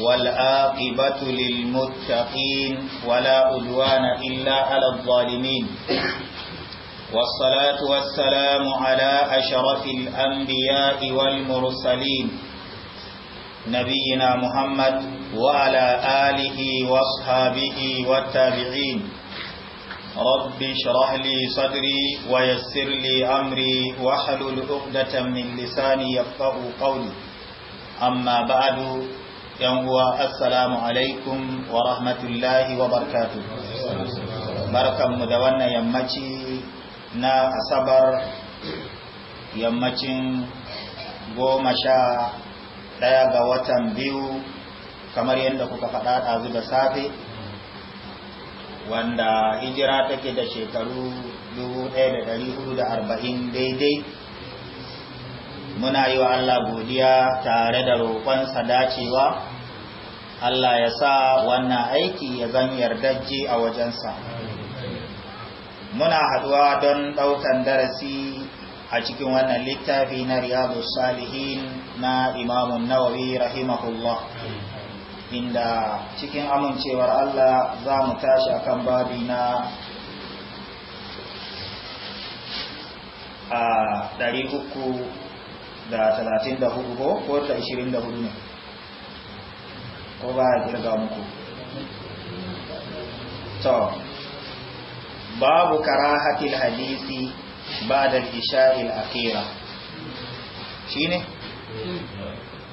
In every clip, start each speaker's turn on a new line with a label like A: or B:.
A: والآقبة للمتقين ولا أدوان إلا على الظالمين والصلاة والسلام على أشرف الأنبياء والمرسلين نبينا محمد وعلى آله واصحابه والتابعين رب اشرح لي صدري ويسر لي أمري واحلل الأقدة من لساني يفقه قولي amma ba'adu yan uwa assalamu alaikum wa rahmatullahi wa barkatu barkanmu da wannan yammaci na asabar yammacin goma sha ɗaya ga watan biyu kamar yadda kuka faɗa ɗazu da safe wanda hijira take da shekaru da hudu arba'in daidai muna yi wa Allah godiya tare da roƙonsa dacewa Allah ya sa wannan aiki ya zan yardajje a wajensa muna haɗuwa don ɗaukan darasi a cikin wannan littafi na riyadu salihin na imamun nawawi rahimahullah inda cikin amincewar Allah za mu tashi akan babi na a uku. da talatin da ko ko ta ishirin da ne ko ba a kirga muku to babu karahatil hadisi ba da isha'il akira shi ne?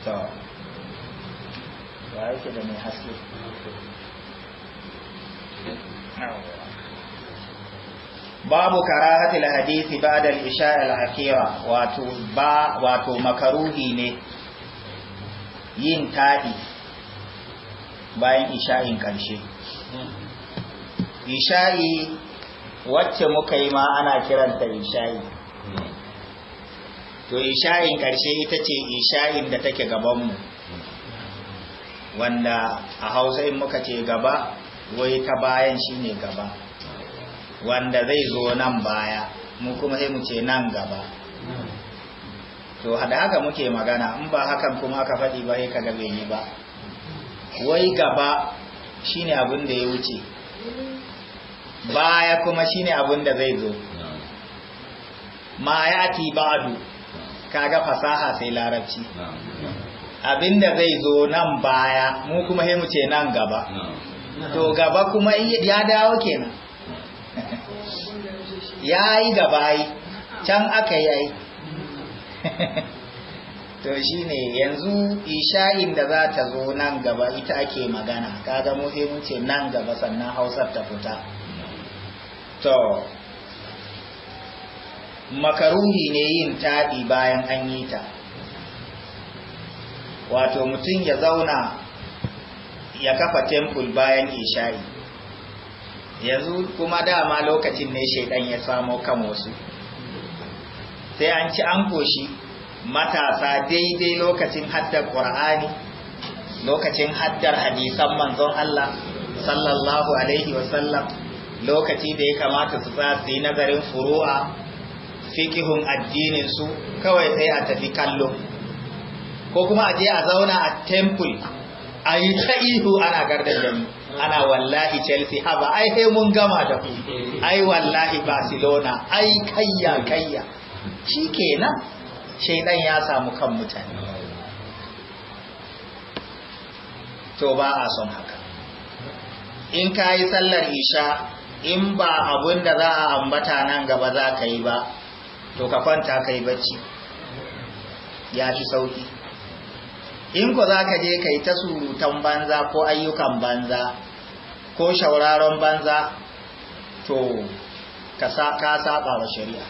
A: to
B: ba yake da mai haske
A: babu karahatil hadisi ba'da al-isha al-akhira wato ba wato makaruhi ne yin tadi bayan isha'in karshe isha'i wacce muka yi ma ana kiranta isha'i to isha'in karshe ita ce isha'in da take gabanmu wanda a hausa in muka ce gaba wai ta bayan shine gaba wanda zai zo nan baya mu kuma sai mu ce nan gaba to da haka muke magana in ba hakan kuma aka faɗi ba sai kaga bai yi ba wai gaba shine abin da ya wuce baya kuma shine abin da zai zo ma yati ba'du kaga fasaha sai larabci Abin da zai zo nan baya mu kuma sai mu ce nan gaba to gaba kuma ya dawo kenan ya yi gaba bayi can aka yi to shi ne yanzu isha'in da za ta zo nan gaba ita ake magana kaga mu sai mun ce nan gaba sannan hausar ta fita to makaruhi ne yin taɗi bayan an yi ta wato mutum ya zauna ya kafa temple bayan isha'i yanzu kuma dama lokacin ne shaidan ya samo kan wasu sai an ci an koshi matasa daidai lokacin haddar Kur'ani, lokacin haddar hadisan manzon Allah sallallahu alaihi wasallam lokaci da ya kamata su yi nazarin furu'a fikihun addininsu kawai sai a tafi kallo ko kuma a je a zauna a temple a yi ta ihu ana gardar ana wallahi Chelsea haba ai he mun gama da ku ai wallahi Barcelona ai kayya kayya shikenan shaidan ya samu kan mutane to ba a son haka in ka yi sallar isha in ba abun da za a ambata nan gaba za ka yi ba to ka kwanta ka yi bacci ya ci sauki in ko za ka je ka ta surutan banza ko ayyukan banza ko shauraron banza to ka saba wa shari'a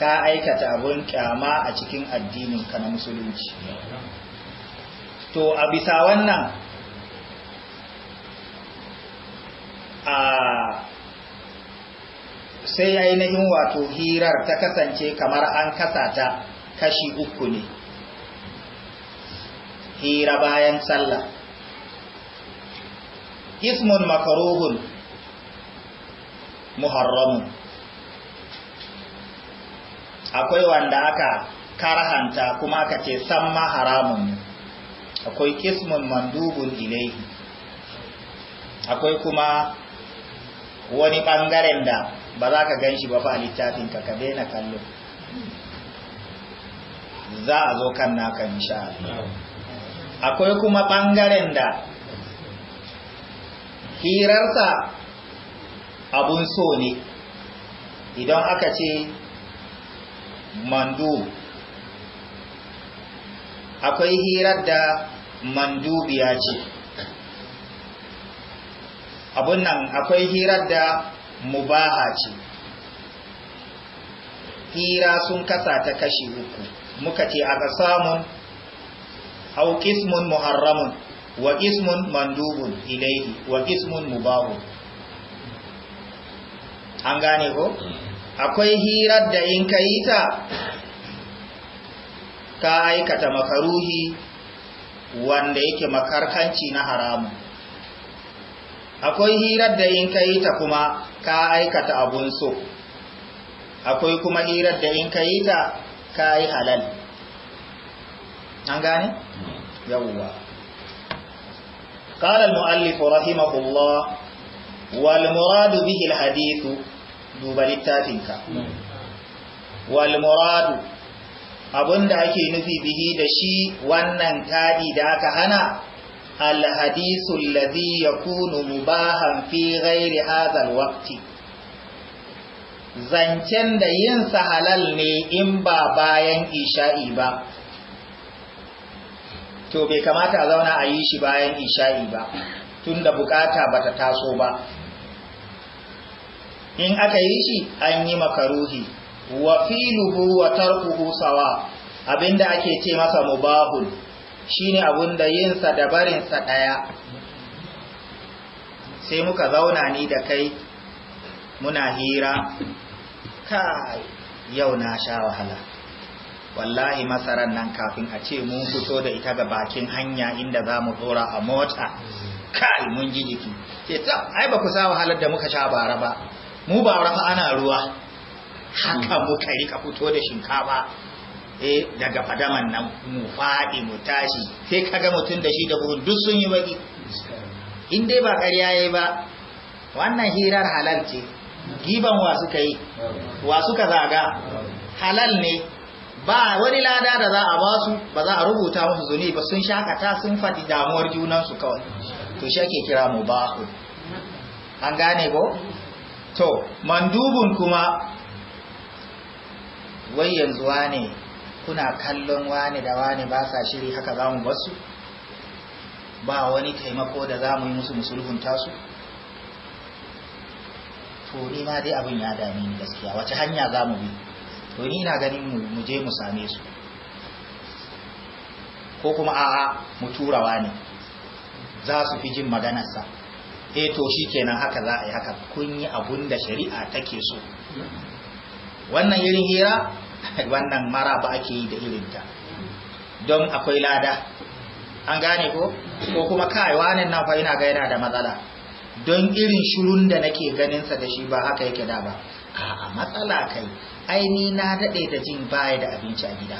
A: ka aikata abin kyama a cikin addinin ka na musulunci to a bisa wannan a sai ainihin wato hirar ta kasance kamar an kasa ta kashi uku ne hira bayan sallah ismun makaruhun muharramun akwai wanda aka karhanta kuma aka ce san ma haramun akwai ismun mandubun ilaihi akwai kuma wani bangaren da ba za ka gan shi ba fa littafin ka ka daina kallo za a zo kan naka insha Allah akwai kuma ɓangaren da hirarsa abun so ne idan aka ce mandu akwai hirar da mandubiya ce abun nan akwai hirar da mubaha ce hira sun kasa ta kashi uku muka ce aka samun aw qismun muharramun wa ismun mandubun ilayhi wa ismun mubahun an gane ko akwai hirar da in ka yi ta ka aikata makaruhi wanda yake makarkanci na haramu, akwai hirar da in ka yi ta kuma ka aikata abun so akwai kuma hirar da in ka yi ta ka yi halal an gane yawwa قال المؤلف رحمه walmuradu bihi به duba littafinka Walmuradu abinda ake nufi bihi da shi wannan tadi da aka hana al hadisu alladhi yakunu mubahan fi ghairi hadha zancen da yin sa halal ne in ba bayan isha'i ba to bai kamata a zauna a yi shi bayan isha'i ba tun da bukata bata taso ba in aka yi shi an yi makaruhi wa filuhu wa tarkuhu sawa abinda ake ce masa mubahul shine abinda yin sa da barin sa daya sai muka zauna ni da kai muna hira kai yau na sha wahala wallahi masarar nan kafin a ce mun fito da ita ga bakin hanya inda za mu tsora a mota kai mun ji jiki ce ta ai ba ku sa wahalar da muka sha bara ba mu ba rafa ana ruwa haka muka rika fito da shinkafa eh daga fadaman nan mu faɗi mu tashi sai kaga mutum da shi da buhun duk sun yi baki in dai ba ƙarya yayi ba wannan hirar halal ce giban wa suka yi wa suka zaga halal ne ba wani lada da za a ba su ba za a rubuta musu zuni ba sun shakata sun faɗi damuwar junansu kawai to shi ake kira mu ba an gane ko to mandubun kuma wai yanzu wane kuna kallon wane da wane ba sa shiri haka za mu basu ba wani taimako da za mu yi musu musulhun su to ni ma dai abin ya dame ni gaskiya wace hanya za mu bi to ni na ganin mu je mu same su ko kuma a'a mu turawa ne za su fi jin maganarsa e to shi kenan haka za a yi haka kun yi abun da shari'a take so wannan irin hira wannan mara ake yi da irinta don akwai lada an gane ko ko kuma kai wanin nan fa ina ga yana da matsala don irin shirun da nake ganinsa da shi ba haka yake da ba a matsala kai aini na daɗe da jin baya da abinci a gida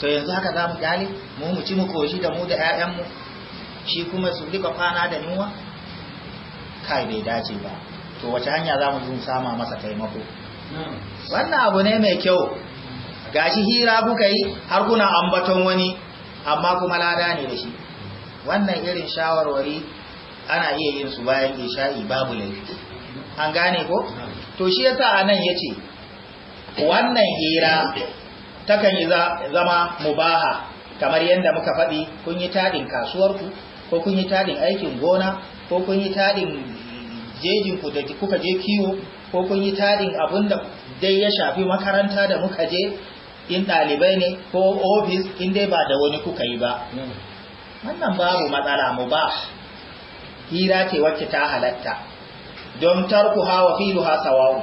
A: to yanzu haka za mu kyale mu mu ci mu koshi da mu da mu. shi kuma su rika kwana da yunwa kai bai dace ba to wace hanya za mu yi sama masa taimako wannan abu ne mai kyau gashi hira kuka yi har kuna ambaton wani amma kuma lada ne da shi wannan irin shawarwari ana iya yin su bayan isha'i babu laifi an gane ko to shi yasa anan yace wannan hira takan yi zama mubaha kamar yadda muka faɗi kun yi kasuwar ku ko kun yi taɗin aikin gona ko kun yi taɗin jejinku da kuka je kiwo ko kun yi taɗin abin da dai ya shafi makaranta da muka je in ɗalibai ne ko ofis in dai ba da wani kuka yi ba wannan babu matsala mu hira ce wacce ta halatta don tarku hawa filu ha sawawu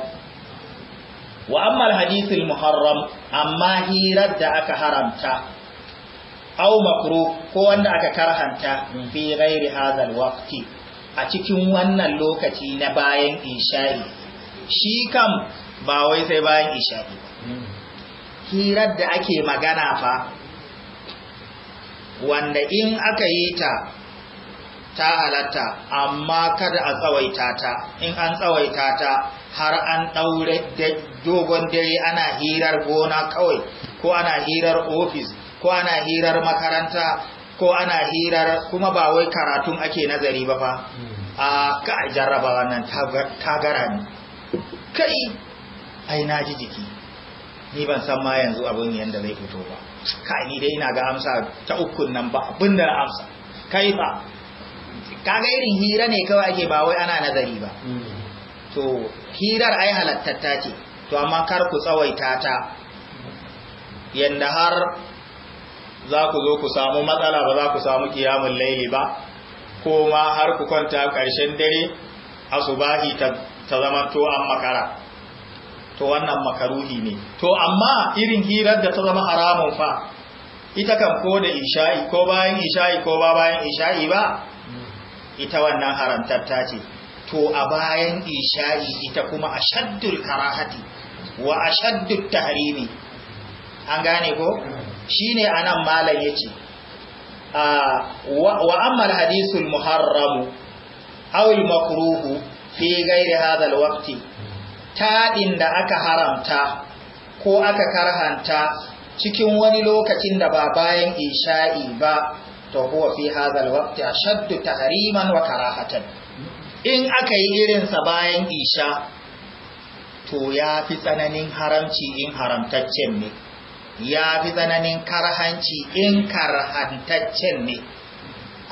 A: wa amma muharram amma hirar da aka haramta aw makruh ko wanda aka karhanta fi ghairi hadhal waqti a cikin wannan lokaci na bayan isha'i shi kam ba wai sai bayan isha'i hirar da ake magana fa wanda in aka yi ta ta halatta amma kada a tsawaita ta in an tsawaita ta har an ɗaure dogon dare ana hirar gona kawai ko ana hirar ofis ko ana hirar makaranta ko ana hirar kuma ba wai karatun ake nazari ba fa a ka jarraba wannan tagara ne kai ai na ji jiki ni ban san ma yanzu abin yanda zai fito ba kai ni dai ina ga amsa ta ukun nan ba abin da amsa kai ba kaga irin hira ne kawai ake ba wai ana nazari ba hmm. to hirar ai halattatta ce to amma kar ku tsawaita ta yanda har za ku zo ku samu matsala ba za ku samu kiyamun laili ba ko ma har ku kwanta ƙarshen dare asubahi ta ta zama to an makara to wannan makaruhi ne to amma irin hirar da ta zama haramun fa ita kan ko da isha'i ko bayan isha'i ko ba bayan isha'i ba ita wannan haramtar ta ce to a bayan isha'i ita kuma ashaddul karahati wa ashaddut tahrimi an gane ko shine anan malam yace wa amma alhadithul muharram aw almakruh fi ghairi hadha alwaqti Taɗin da aka haramta ko aka karhanta cikin wani lokacin da ba bayan isha'i ba to huwa fi hadhal waqti ashaddu tahriman wa karahatan in aka yi irin sa bayan isha to ya fi tsananin haramci in haramtaccen ne ya fi tsananin karhanci in karhantaccen ne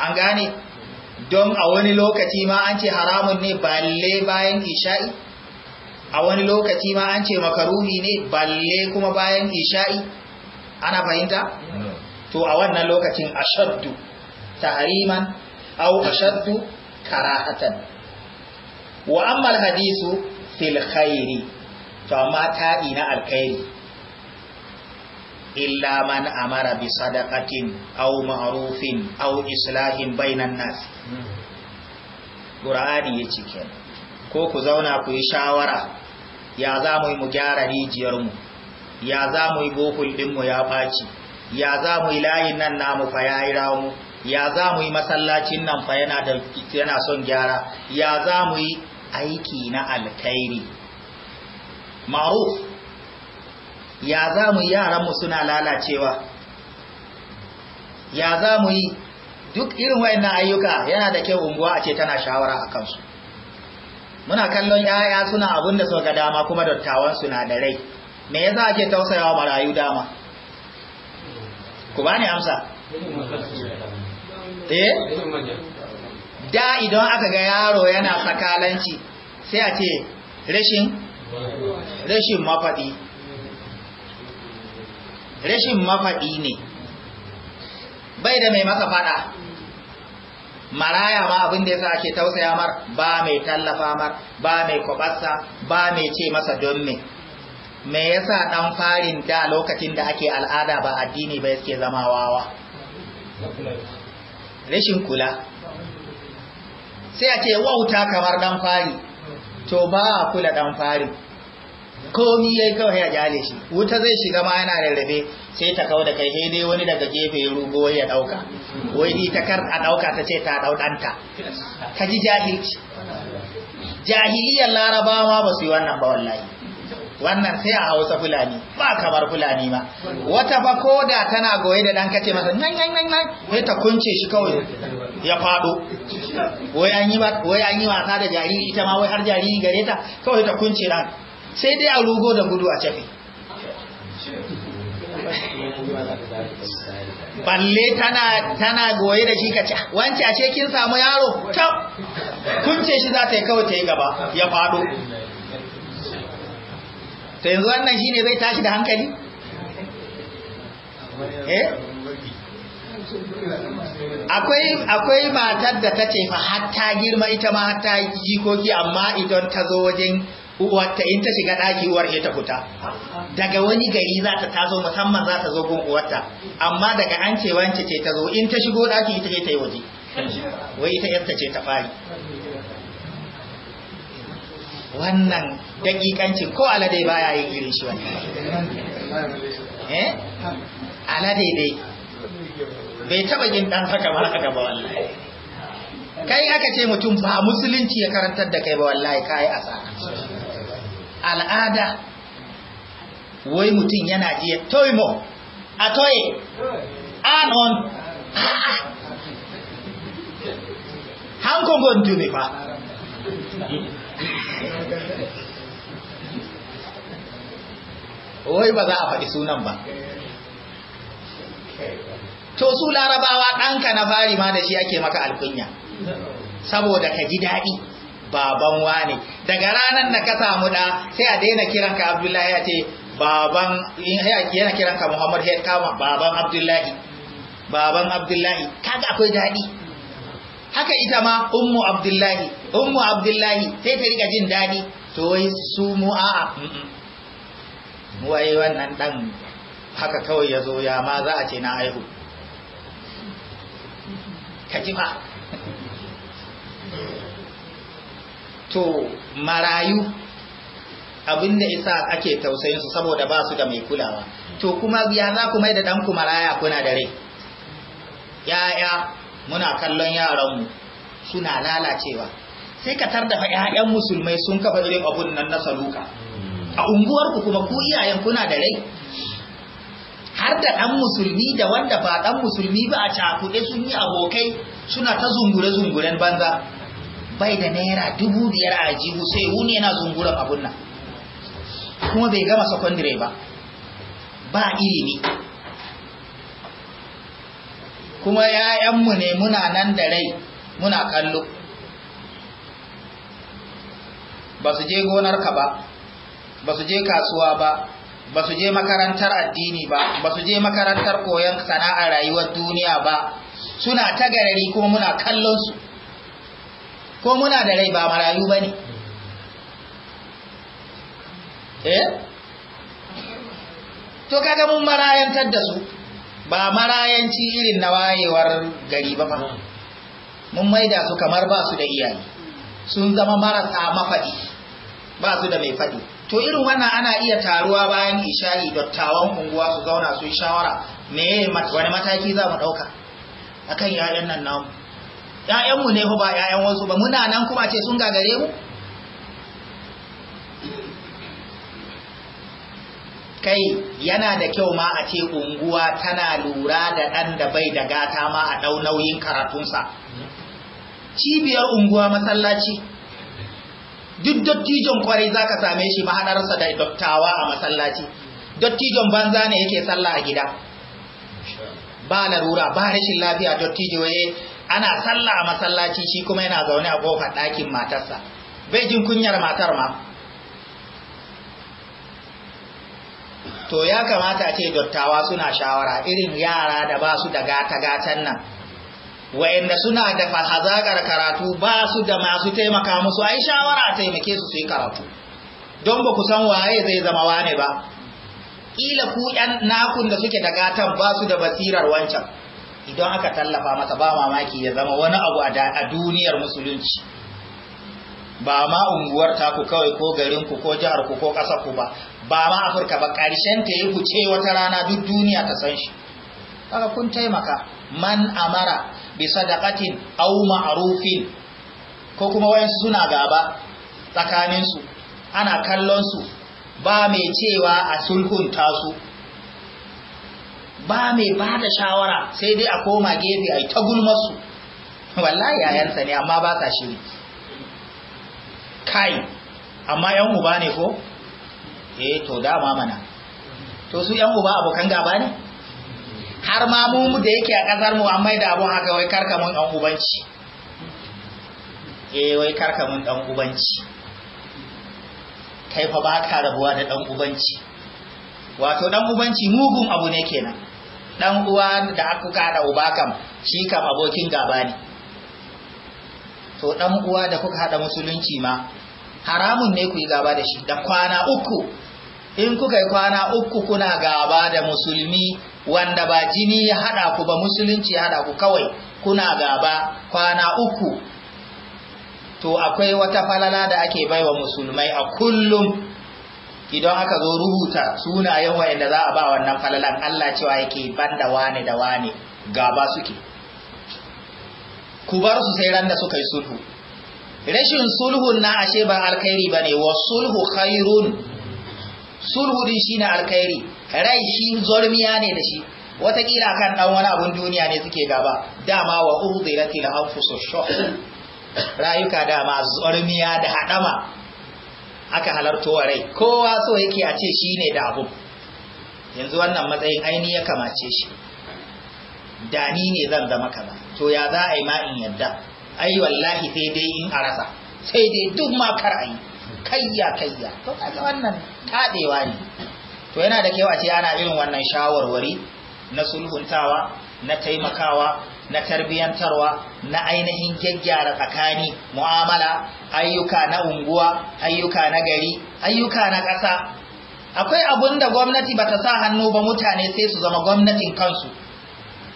A: an gane don a wani lokaci ma an ce haramun ne balle bayan isha'i a wani lokaci ma an ce makaruhi ne balle kuma bayan isha'i ana fahimta? to a wannan lokacin ashaddu tahriman aw ashaddu karahatan wa amma alhadisu fil khairi to amma ta'i na alkhairi illa man amara bi sadaqatin aw ma'rufin aw islahin bainan nas qur'ani yace cike ko ku zauna ku yi shawara ya za mu yi mu gyara rijiyarmu ya za mu yi bohul ɗinmu ya ɓaci ya za mu yi layin nan namu fa ya yi ya za mu yi masallacin nan fa yana son gyara ya za mu yi aiki na alkhairi ma'ruf ya za mu yi yaranmu suna lalacewa ya za mu yi duk irin wayannan ayyuka yana da kyau unguwa a ce tana shawara a kansu muna kallon yaya suna abin da suka dama kuma dattawan na da rai me yasa ake tausayawa marayu dama ku bani amsa eh da idan aka ga yaro yana sakalanci sai a ce rashin rashin mafadi rashin mafadi ne bai da mai masa faɗa maraya ma abin da yasa ake tausaya mar ba mai tallafa mar ba mai kwabarsa ba mai ce masa don mai me yasa dan farin da lokacin da ake al'ada ba addini ba yake zama wawa rashin kula sai a ce wauta kamar dan fari to ba a kula dan fari komi yayi kawai ya jale shi wuta zai shiga ma yana rarrabe sai ta da kai sai dai wani daga gefe ya rugo ya dauka wai ni ta kar a dauka ta ce ta dau danta ka ji jahilci jahiliyar larabawa ba su yi wannan ba wallahi wannan sai a hausa fulani ba kamar fulani ma wata fa da tana goye da dan kace masa nan nan nan sai ta kunce shi kawai ya fado wai an yi wai an yi wasa da jariri ita ma wai har jariri gare ta kawai ta kunce ran sai dai a rugo da gudu a cafe balle tana tana goye da shi kace wance a ce kin samu yaro Ta. kunce shi za ta yi kawai ta yi gaba ya fado to yanzu wannan shi ne zai tashi da hankali eh? akwai matar da ta ce fa hatta girma ita ma hatta jikoki amma idan ta zo wajen uwarta in ta shiga ɗaki uwar ita fita daga wani gari za ta taso musamman za ta zo gun uwarta amma daga an ce wance ce ta zo in ta shigo ɗaki ita ce ta yi waje wai ita yarta ce ta fari wannan dakikanci ko alade baya yin irin shi wannan eh alade dai bai taba yin dan haka ba haka ba wallahi kai aka ce mutum ba musulunci ya karantar da kai ba wallahi kai asara al'ada wai mutum yana ji toimo a toye anon hankon gontu ne fa wai ba za a faɗi sunan ba to su larabawa ɗanka na fari ma da shi ake maka alkunya saboda ka ji daɗi baban wane daga ranar da ka samu ɗa sai a daina kiranka abdullahi ya ce baban yana kiranka muhammad head baban abdullahi baban abdullahi kaga akwai daɗi haka ita ma ummu abdullahi ummu abdullahi sai ta rika jin daɗi to wai su mu a'a wai wannan dan haka kawai ya zo ya ma za a ce na aihu. ka ji ba to marayu abinda isa ake tausayin su saboda ba su da mai kulawa to kuma ya za ku mai da ɗanku maraya kuna da rai ya'ya muna kallon yaranmu suna lalacewa sai ka tar da ƴaƴan musulmai sun kafa irin abun nan na saluka a unguwarku kuma ku iyayen kuna da rai har da ɗan musulmi da wanda ba ɗan musulmi ba a cakuɗe sun yi abokai suna ta zungure-zunguren banza bai da naira dubu biyar a jihu sai wuni yana zunguren abun nan kuma bai gama sakandire ba ba ilimi kuma ‘ya'yanmu ne muna nan da rai muna kallo ba su je gonarka ba ba su je kasuwa ba ba su je makarantar addini ba ba su je makarantar koyon sana'a rayuwar duniya ba suna ta garari kuma muna kallon su ko muna da rai ba marayu ba ne eh to kaga mun marayantar da su ba marayanci irin na wayewar gari ba ma hmm. mun maida su kamar ba su da iyali. sun zama marasa mafaɗi ba su da mai faɗi to irin wannan ana iya taruwa bayan isha'i dattawan unguwa su zauna su shawara me wani mataki za mu ɗauka akan 'ya'yan nan namu 'ya'yanmu ne ba 'ya'yan wasu ba muna nan kuma ce sun gagare mu kai yana da kyau ma a ce unguwa tana lura da ɗan da bai da gata ma a ɗau nauyin karatunsa cibiyar unguwa masallaci duk dattijon kwarai za ka same shi mahaɗarsa da dottawa a masallaci dattijon banza ne yake sallah a gida ba larura ba rashin lafiya dattijo ya eh, ana sallah a masallaci shi kuma yana zaune a ƙofar ɗakin matarsa bai jin kunyar matar ma to ya kamata ce dottawa suna shawara irin yara da ba su da gata-gatan nan wa'inda suna da fahazakar karatu ba su da masu taimaka musu ai shawara a taimake su su yi karatu don ba ku san waye zai zama wane ba ƙila ku ɗan nakun da suke da gatan ba su da basirar wancan idan aka tallafa masa ba mamaki ya zama wani abu a duniyar musulunci ba ma unguwar ku kawai ko garin ku ko jihar ku ko ƙasar ku ba ba ma afirka ba ƙarshen ta yi ku ce wata rana duk duniya ta san shi kaga kun taimaka man amara bi sadaqatin aw ma'rufin ko kuma wayan suna gaba tsakanin su ana kallon su ba mai cewa a sulhunta su ba mai bada shawara sai dai a koma gefe ai ta gulmar su wallahi yayansa ne amma ba sa shiri kai amma yan uba ne ko eh to dama mana to su yan uba abokan gaba ne har ma mu da yake a kasar mu amma da abun haka wai karka mun dan ubanci eh wai karka mun dan ubanci kai fa ba ka rabuwa da dan ubanci wato dan ubanci mugun abu ne kenan dan uwa da aka kada uba kam shi kam abokin gaba ne to dan uwa da kuka hada musulunci ma haramun ne ku yi gaba da shi da kwana uku in kuka yi kwana uku kuna gaba da musulmi wanda ba jini ya haɗa ku ba musulunci ya haɗa ku kawai kuna gaba kwana uku to akwai wata falala da ake baiwa musulmai a kullum idan aka zo rubuta sunayen wa'anda za a ba wannan falalan Allah cewa yake banda wane da wane gaba suke ku bar su sai ran da suka yi sulhu rashin sulhun na ashe ba alkhairi bane, ne wa sulhu khairun sulhu din shi na alkhairi rai shi zormiya ne da shi watakila kan ɗan wani abun duniya ne suke gaba dama wa uhdiratil anfusu shuh rayuka dama zormiya da hadama aka halarto wa rai kowa so yake a ce shi ne da abu yanzu wannan matsayin aini ya kamace shi dani ne zan zama kaza to ya za a yi ma in yadda ai wallahi sai dai in a rasa sai dai duk ma kar ayi kayya kayya to kaga wannan tadewa ne to yana da kyau ce ana irin wannan shawarwari na sulhuntawa na taimakawa na tarbiyantarwa na ainihin gyaggyara tsakani mu'amala ayyuka na unguwa ayyuka na gari ayyuka na ƙasa akwai abun da gwamnati ba ta sa hannu ba mutane sai su zama gwamnatin kansu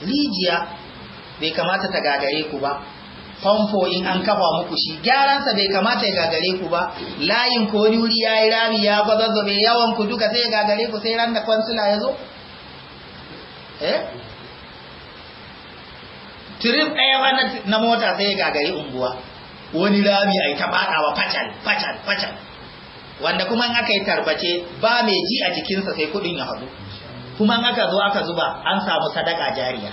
A: rijiya bai kamata ta gagare ku ba famfo in an kafa muku shi gyaransa bai kamata ya gagare ku ba layin ko duri ya yi rami ya bai yawan ku duka sai ya gagare ku sai ran da kwansula ya zo eh? ɗaya ba na mota sai ya gagare unguwa wani rami a yi ta wa facal facal wanda kuma in aka yi tarbace ba mai ji a jikinsa sai kuɗin ya hadu kuma in aka zo aka zuba an samu sadaka jariya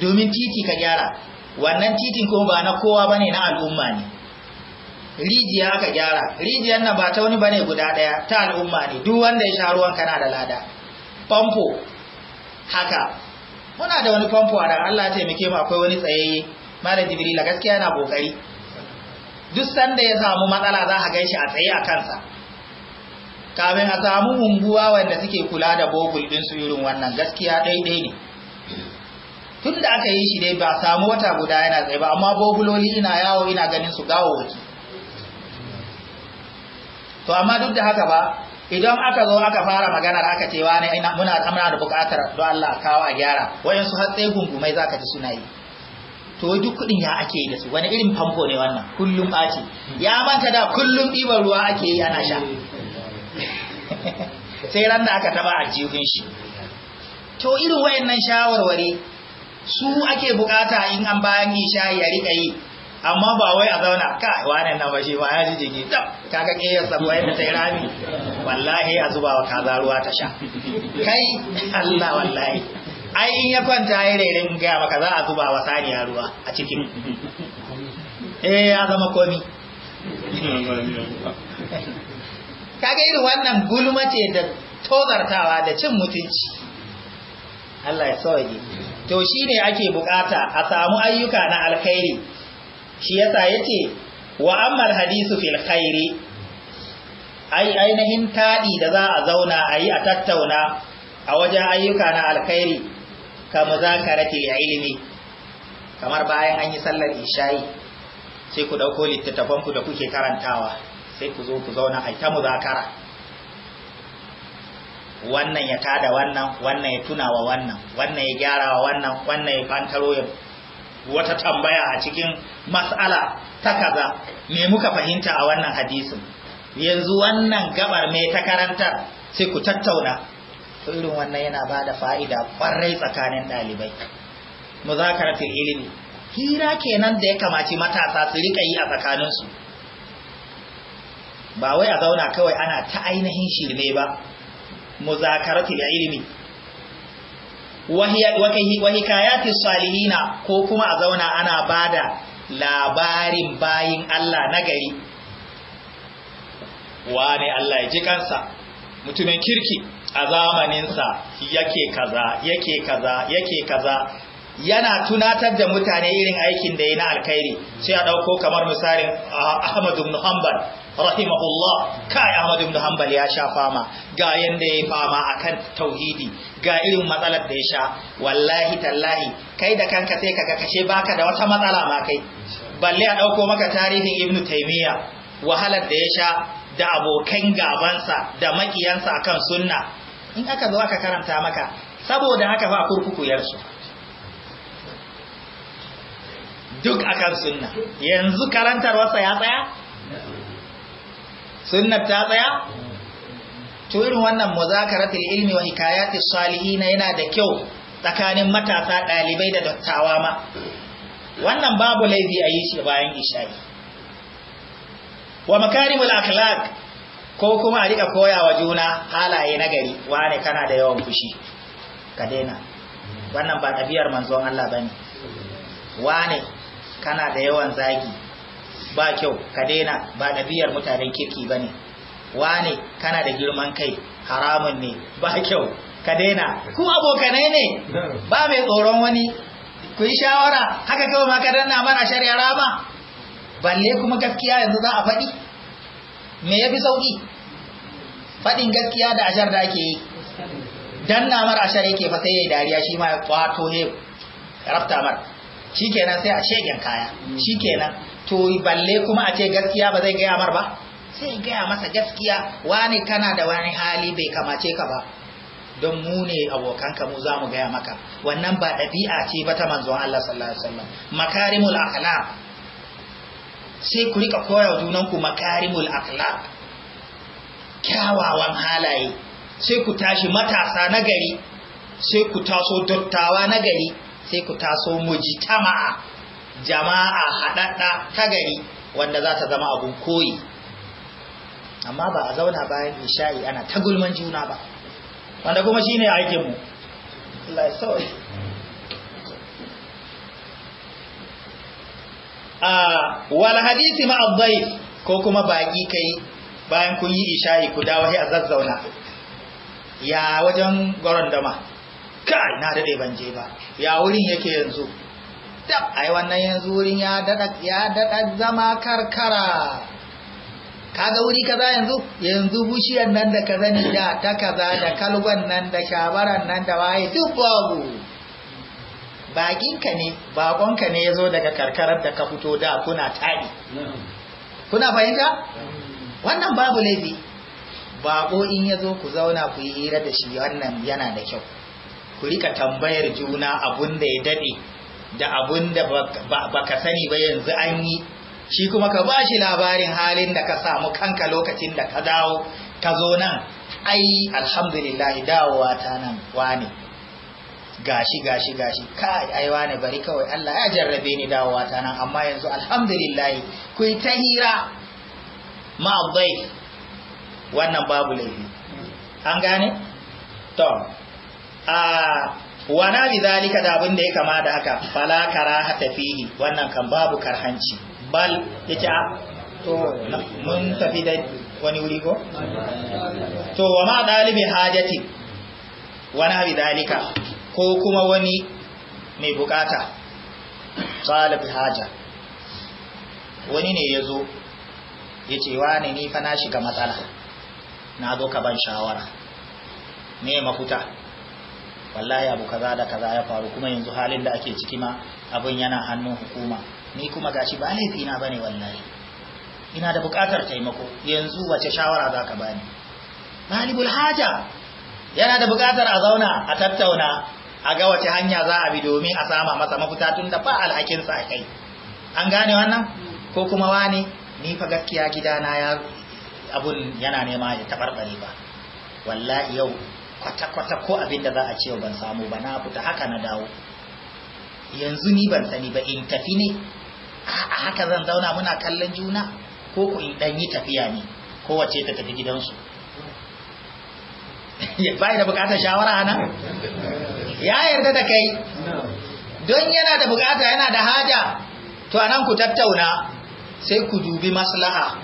A: domin titi ka gyara wannan titin kuma ba na kowa bane na al'umma ne rijiya aka gyara rijiyar nan ba ta wani bane guda daya ta al'umma ne duk wanda ya sha ruwan kana da lada famfo haka muna da wani famfo a ran Allah ya taimake mu akwai wani tsayayye malam jibrila gaskiya yana kokari duk sanda ya samu matsala za a gaishe a tsaye a kansa kafin a samu unguwa wanda suke kula da bogul din su irin wannan gaskiya daidai ne tun da aka yi shi dai ba samu wata guda yana tsaye ba amma bobuloli ina yawo ina ganin su gawo waki. to amma duk da haka ba idan aka zo aka fara maganar aka ce wa ne muna amana da bukatar don Allah kawo a gyara wayansu har tsaye gungumai zaka ka ci suna yi to duk kudin ya ake yi da su wani irin famfo ne wannan kullum ɓaci ya manta da kullum ɗiban ruwa ake yi ana sha sai ran da aka taba a jihun shi to irin wayannan shawarwari su ake bukata in an bayan isha ya rika yi amma ba wai a zauna kai wannan na bashi ba ya ji jiki tab kaga ke ya sabo yadda ta rami wallahi a zuba wa kaza ruwa ta sha kai Allah wallahi ai in ya kwanta yi in ga maka za a zuba wa saniya ruwa a cikin eh ya zama komi kaga irin wannan gulma da tozartawa da cin mutunci Allah ya sauke to shi ne ake bukata a samu ayyuka na alkhairi shi yasa ya ce wa ammal hadisu fil khairi ai ainihin taɗi da za a zauna a yi a tattauna a wajen ayyuka na alkhairi ka muzakaratil ilimi kamar bayan an yi sallar isha'i sai ku ɗauko littattafanku da kuke karantawa sai ku zo ku zauna a ta muzakara wannan ya tada wannan wannan ya tuna wa wannan wannan ya gyara wa wannan wannan ya fankaro ya wata tambaya a cikin mas'ala ta kaza me muka fahimta a wannan hadisin yanzu wannan gabar me ta karanta sai ku tattauna to irin wannan yana ba da fa'ida kwarai tsakanin dalibai muzakaratul ilimi hira kenan da ya kamaci matasa su rika yi a tsakaninsu ba wai a zauna kawai ana ta ainihin shirme ba muzakaratul ilmi wa hikayati salihina ko kuma a zauna ana bada labarin bayin Allah na nagari wane Allah ya ji kansa mutumin kirki a zamaninsa yake kaza yake kaza yake kaza yana tunatar da mutane irin aikin da ya na alkhairi sai a ɗauko kamar misalin Ahmad ibn Hanbal rahimahullah kai Ahmad ibn Hanbal ya sha fama ga yanda ya fama akan tauhidi ga irin matsalar da ya sha wallahi tallahi kai da kanka sai kaga kashe baka da wata matsala ma kai balle a ɗauko maka tarihin Ibn Taymiyyah wahalar da ya sha da abokan gabansa da makiyansa akan sunna in aka zo aka karanta maka saboda haka fa kurkuku yarsu duk akan sunna yanzu karantar wasa ya tsaya sunnar ta tsaya to irin wannan muzakaratul ilmi wa hikayati salihina yana da kyau tsakanin matasa dalibai da dattawa ma wannan babu laifi a yi shi bayan isha'i wa makarimul akhlaq ko kuma a rika koyawa juna halaye nagari wane kana da yawan fushi ka daina wannan ba ɗabiyar manzon Allah bane wane kana da yawan zagi ba kyau ka daina ba ɗabi'ar mutanen kirki ba ne wane kana da girman kai haramun ne ba kyau ka daina ku abokanai ne ba mai tsoron wani ku yi shawara haka kawai ma ka danna mana shari'a rama balle kuma gaskiya yanzu za a faɗi me ya fi sauƙi faɗin gaskiya da ashar da ake yi danna mara ashar yake fa sai ya yi dariya shi ma ya kwato ne rafta mara shikenan sai a shegen kaya Shi shikenan to balle kuma a ce gaskiya ba zai gaya mar ba sai gaya masa gaskiya wani kana da wani hali bai kamace ka ba don mu ne abokanka mu za mu gaya maka wannan ba ɗabi'a ce ba ta manzon Allah sallallahu alaihi wasallam makarimul akhlaq sai ku rika koyawa wa ku makarimul akhlaq kyawawan halaye sai ku tashi matasa na gari sai ku taso dattawa na gari sai ku taso mu mujtama'a jama'a haɗaɗɗa ta gari wanda za ta zama abun koyi amma ba a zauna bayan isha'i ana ta gulman juna ba wanda kuma shine aikin mu Allah ya sauke a wal hadisi ma adhaif ko kuma baki kai bayan kun yi isha'i ku dawo sai a zazzauna ya wajen dama kai na daɗe ban je ba ya wurin yake yanzu dab ai wannan yanzu wurin ya daɗa ya daɗa zama karkara kaga wuri kaza yanzu yanzu bushiyar nan da kaza ne da ta kaza da kalban nan da shabaran nan da waye duk babu bakinka ne bakonka ne ya zo daga karkarar da ka fito da kuna taɗi kuna fahimta wannan babu laifi bako in ya zo ku zauna ku yi hira da shi wannan yana da kyau ku rika tambayar juna abun da ya daɗe da abun da baka sani ba yanzu an yi shi kuma ka ba shi labarin halin da ka samu kanka lokacin da ka dawo ka zo nan ai alhamdulillah dawowa ta nan wane gashi gashi gashi kai ai wane bari kawai Allah ya jarrabe ni dawowa ta nan amma yanzu alhamdulillah ku yi ta hira ma'adai wannan babu laifi an gane to a wana bi zalika da abin da ya kama da haka fala hata fihi wannan kan babu karhanci bal yake a to mun tafi da wani wuri ko to wa ma dalibi hajati wana bi zalika ko kuma wani mai bukata talib haja wani ne yazo yace wani ni fa na shiga matsala na zo ka ban shawara me mafuta wallahi abu kaza da kaza ya faru kuma yanzu halin da ake ciki ma abin yana hannun hukuma ni kuma gashi ba laifi na bane wallahi ina da buƙatar taimako yanzu wace shawara za zaka bani malibul haja yana da buƙatar a zauna a tattauna a ga wace hanya za a bi domin a sama masa mafita tun da ba alhakin sa kai an gane wannan ko kuma wani ni fa gaskiya gidana ya abun yana nema ya tabarbare ba wallahi yau kwata-kwata ko abin da za a ce ban samu ba na fita haka na dawo yanzu ni ban sani ba in tafi ne a haka zan zauna muna kallon juna ko ku in ɗan yi tafiya ne kowace ta tafi gidansu bai da bukatar shawara na ya yarda da kai don yana da bukata yana da haja to anan ku tattauna sai ku dubi maslaha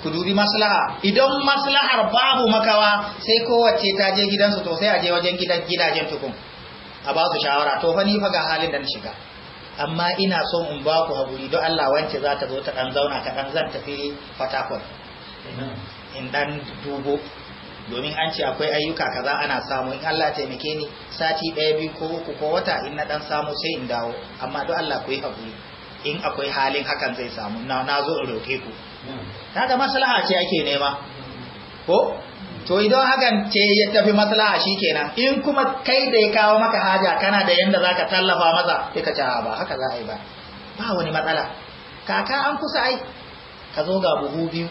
A: ku maslaha idan maslahar babu makawa sai kowace ta je gidansu to sai a je wajen gidajen tukun a ba su shawara to fa ni fa ga halin da na shiga amma ina son in ba ku haƙuri don Allah wance za ta zo ta ɗan zauna ta ɗan zan tafi fatakon in ɗan dubo domin an ce akwai ayyuka kaza ana samu in Allah taimake ni sati ɗaya biyu ko uku ko wata in na ɗan samu sai in dawo amma don Allah ku yi haƙuri in akwai halin hakan zai samu na zo in roƙe ku kaga maslaha ce ake nema ko to idan hakan ce ya tafi maslaha kenan. in kuma kai da ya kawo maka haja kana da yanda zaka tallafa maza sai ka ce ba haka za a yi ba ba wani matsala kaka an kusa ai ka zo ga buhu biyu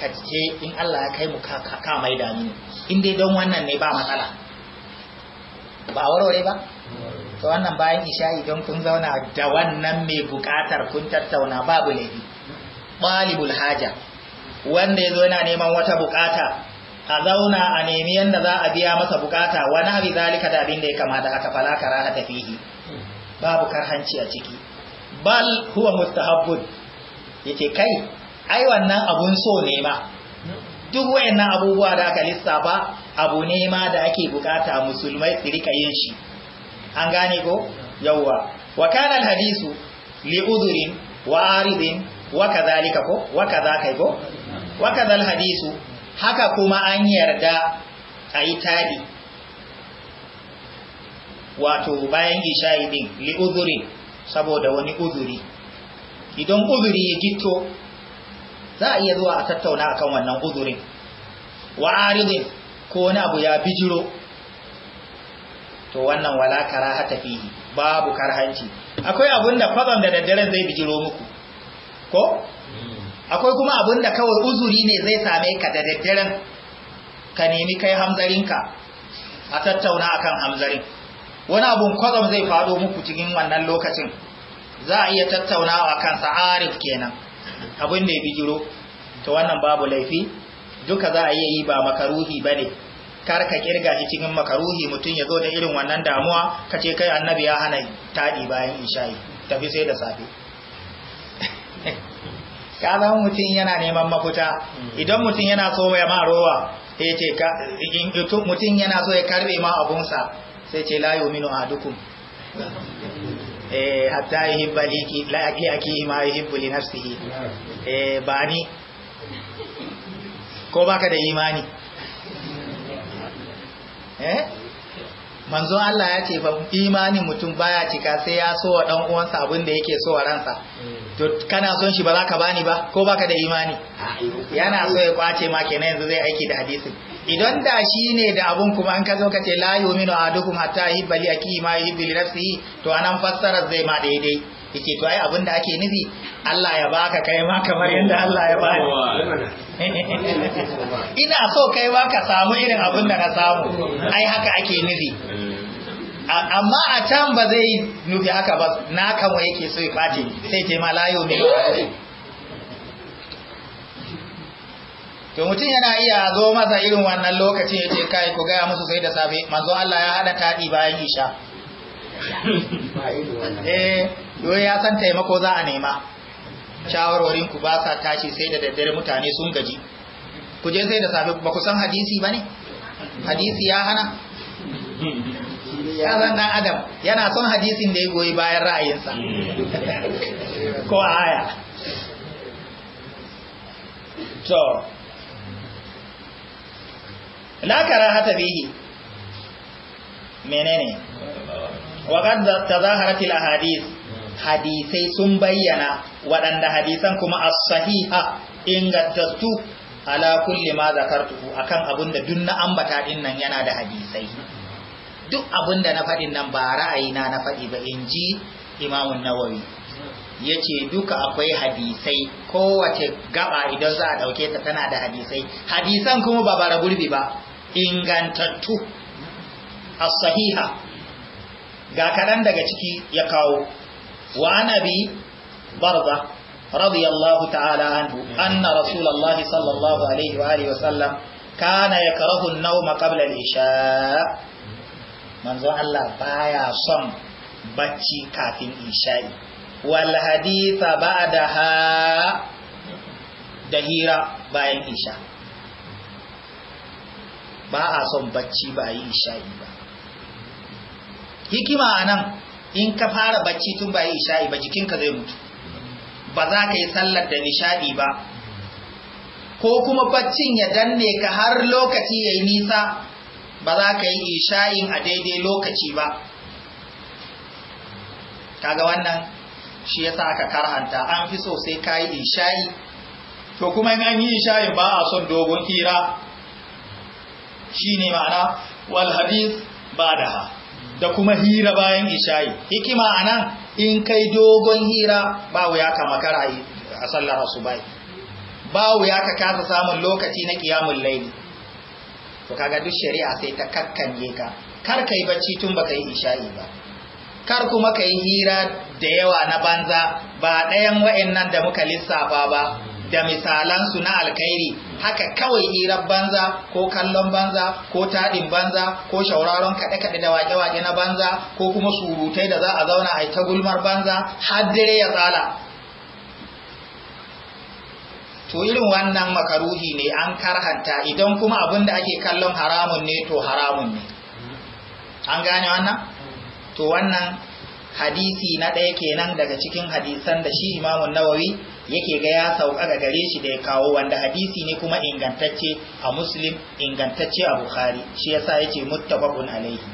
A: ka je in Allah ya kai mu ka mai da ni in dai don wannan ne ba matsala ba warware ba to wannan bayan isha'i don kun zauna da wannan mai bukatar kun tattauna babu laifi ɗalibul haja wanda ya zo yana neman wata bukata a zauna a nemi yadda za a biya masa bukata wani abin zalika da abin da ya kamata haka falaka raha tafihi babu karhanci a ciki bal huwa ya yace kai ai wannan abun so nema, ma duk wayannan abubuwa da aka lissafa abu nema da ake bukata musulmai su rika yin shi an gane ko yawwa wa kana alhadisu li udhrin wa aridin waka ko waka za kai ko hadisu haka kuma an yarda a yi tadi wato bayan isha'i li uzuri saboda wani uzuri idan uzuri ya gitto za a iya zuwa a tattauna akan wannan uzurin wa aridin ko wani abu ya bijiro to wannan wala karahata fihi babu karhanci akwai abun da kwazon da daddare zai bijiro muku ko akwai kuma abin da kawai uzuri ne zai same ka da daddaren ka nemi kai hamzarinka a tattauna akan hamzarin wani abun kwazam zai fado muku cikin wannan lokacin za a iya tattauna kan sa'arif kenan abin da ya bijiro to wannan babu laifi duka za a iya yi ba makaruhi ne? kar ka kirga shi cikin makaruhi mutum ya zo da irin wannan damuwa ka ce kai annabi ya hana taɗi bayan isha'i tafi sai da safe ka zama mutum yana neman mafuta idan mutum yana so ya ma rowa sai ce mutum yana so ya karbe ma abunsa sai ce la yuminu a eh hatta yuhibba liki la aki aki ma yuhibbu li nafsihi eh ni, ko baka da imani eh manzo Allah ya ce fa imanin mutum baya cika sai ya so wa dan uwansa abin da yake so wa ransa to kana son shi ba za ka bani ba ko baka da imani yana so ya kwace ma kenan yanzu zai aiki da hadisin idan da shi ne da abun kuma an ka zo ka ce la yu'minu ahadukum hatta yuhibba li ma yuhibbu li nafsihi to anan fassara zai ma daidai yake to ai abin da ake nufi Allah ya baka kai ma kamar yadda Allah ya bani ina so kai ma ka samu irin abin da ka samu ai haka ake nufi amma a can ba zai nufi haka ba na kama yake so ya fati sai ke ma layo mai to mutum yana iya zo masa irin wannan lokacin ya ce kai ku gaya musu sai da safe manzo Allah ya hada taɗi bayan isha eh yoyi ya san taimako za a nema shawarorin ku ba sa tashi sai da daddare mutane sun gaji ku je sai da safe ba ku san hadisi ba hadisi ya hana Kazan dan adam yana son hadisin da ya goyi bayan ra'ayinsa ko aya to la karahata bihi menene wa tazaharat al ahadith hadisai sun bayyana waɗanda hadisan kuma as-sahiha ingantattu ala kulli ma zakartuhu akan abunda duk na ambata din yana da hadisai duk abin da na faɗi nan ba ra'ayina na faɗi ba in ji imamun nawawi ya duka akwai hadisai kowace gaba idan za a ɗauke ta tana da hadisai hadisan kuma ba bara gurbi ba ingantattu a sahiha ga kaɗan daga ciki ya kawo wa anabi barza radiyallahu ta'ala anhu anna rasulullahi sallallahu alaihi wa alihi wa sallam kana yakrahu an-nawma qabla al-isha manzon Allah baya son bacci kafin isha'i wal haditha ba'daha da hira bayan isha ba a son bacci ba isha'i ba hikima anan in ka fara bacci tun bayan isha'i ba jikinka zai mutu ba za ka yi sallar da nishadi ba ko kuma baccin ya danne ka har lokaci ya nisa ba za ka yi isha'in a daidai lokaci ba kaga wannan shi ya sa aka karhanta an fi so sai ka yi isha'i to kuma in an yi isha'in ba a son dogon hira ne ma'ana wal ba da ha da kuma hira bayan isha'i hikima anan in kai dogon hira ba wuya ka makara a sallar asubai ba wuya ka kasa samun lokaci na kiyamun laini to kaga duk shari'a sai ta kakkanye ka kar kai bacci tun baka yi isha'i ba kar kuma kai hira da yawa na banza ba ɗayan wa'annan da muka lissafa ba da misalan su na alkhairi haka kawai hirar banza ko kallon banza ko taɗin banza ko shauraron kaɗe-kaɗe da waƙe-waƙe na banza ko kuma surutai da za a zauna a ta gulmar banza har dare ya tsala to irin wannan makaruhi ne an karhanta idan kuma abin da ake kallon haramun ne to haramun ne an gane wannan to wannan hadisi na ɗaya kenan daga cikin hadisan da shi imamun nawawi yake ga ya ga gare shi da ya kawo wanda hadisi ne kuma ingantacce a muslim ingantacce a bukhari shi yasa yace muttafaqun alaihi